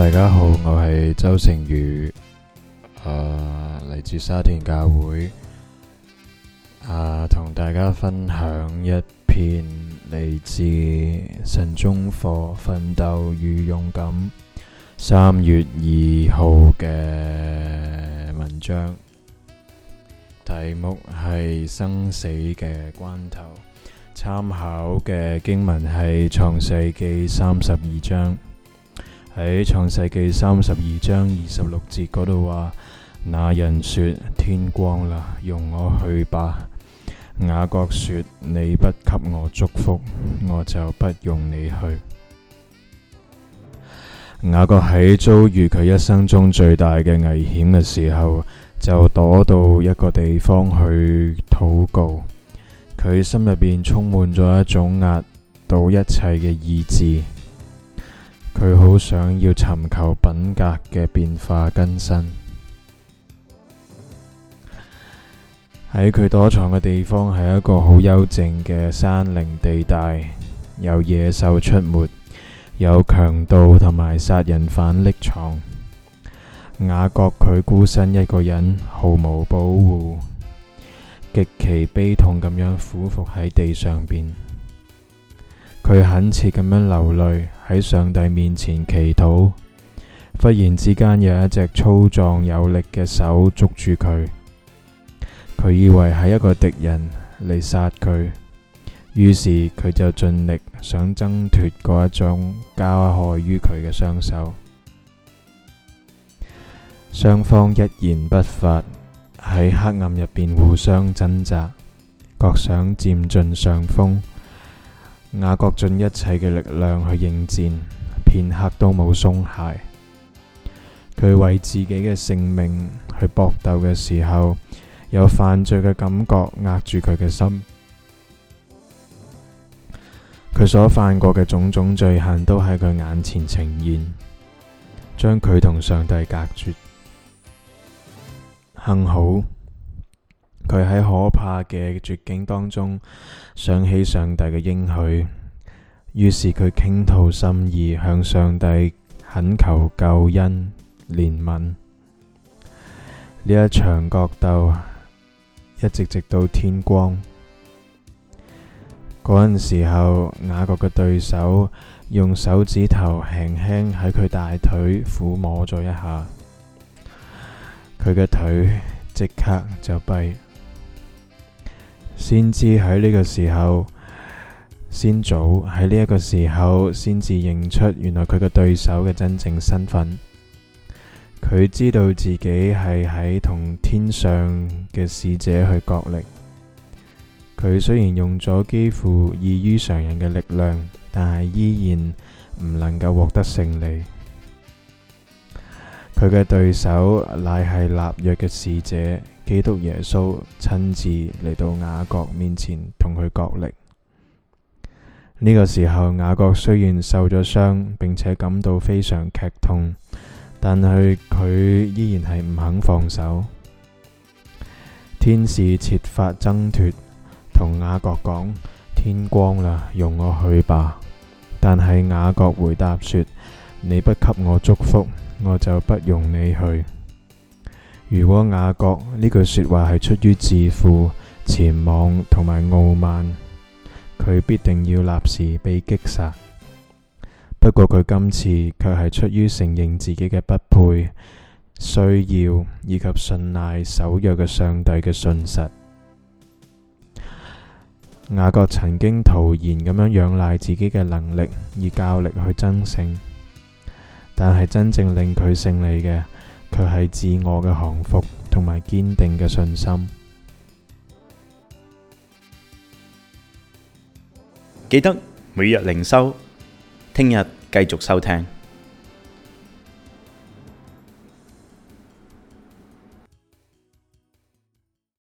大家好，我係周成宇，誒、呃、嚟自沙田教會，誒、呃、同大家分享一篇嚟自神中課《奮鬥與勇敢》三月二號嘅文章，題目係生死嘅關頭，參考嘅經文係創世記三十二章。喺創世紀三十二章二十六節嗰度話，那人說，天光啦，容我去吧。雅各說，你不給我祝福，我就不用你去。雅各喺遭遇佢一生中最大嘅危險嘅時候，就躲到一個地方去禱告。佢心入邊充滿咗一種壓倒一切嘅意志。佢好想要尋求品格嘅變化更新。喺佢躲藏嘅地方係一個好幽靜嘅山嶺地帶，有野獸出沒，有強盜同埋殺人犯匿藏。雅各佢孤身一個人，毫無保護，極其悲痛咁樣俯伏喺地上邊。佢懇切咁樣流淚喺上帝面前祈禱，忽然之間有一隻粗壯有力嘅手捉住佢，佢以為係一個敵人嚟殺佢，於是佢就盡力想掙脫嗰一種加害於佢嘅雙手。雙方一言不發喺黑暗入邊互相掙扎，各想佔盡上風。雅各盡一切嘅力量去應戰，片刻都冇鬆懈。佢為自己嘅性命去搏鬥嘅時候，有犯罪嘅感覺壓住佢嘅心。佢所犯過嘅種種罪行都喺佢眼前呈現，將佢同上帝隔絕。幸好。佢喺可怕嘅絕境當中，想起上帝嘅應許，於是佢傾吐心意，向上帝懇求救恩、憐憫。呢一場角鬥一直直到天光。嗰陣時候，雅各嘅對手用手指頭輕輕喺佢大腿撫摸咗一下，佢嘅腿即刻就痹。先知喺呢個時候，先祖喺呢一個時候，先至認出原來佢個對手嘅真正身份。佢知道自己係喺同天上嘅使者去角力。佢雖然用咗幾乎異於常人嘅力量，但係依然唔能夠獲得勝利。佢嘅對手乃係立約嘅使者。基督耶穌親自嚟到雅各面前同佢角力。呢、這個時候，雅各雖然受咗傷，並且感到非常劇痛，但係佢依然係唔肯放手。天使設法掙脱，同雅各講：天光啦，容我去吧。但係雅各回答說：你不給我祝福，我就不容你去。如果雅各呢句說話係出於自負、前往同埋傲慢，佢必定要立時被擊殺。不過佢今次卻係出於承認自己嘅不配、需要以及信賴守約嘅上帝嘅信實。雅各曾經徒然咁樣仰賴自己嘅能力以較力去爭勝，但係真正令佢勝利嘅。佢係自我嘅降服同埋堅定嘅信心，記得每日靈修，聽日繼續收聽。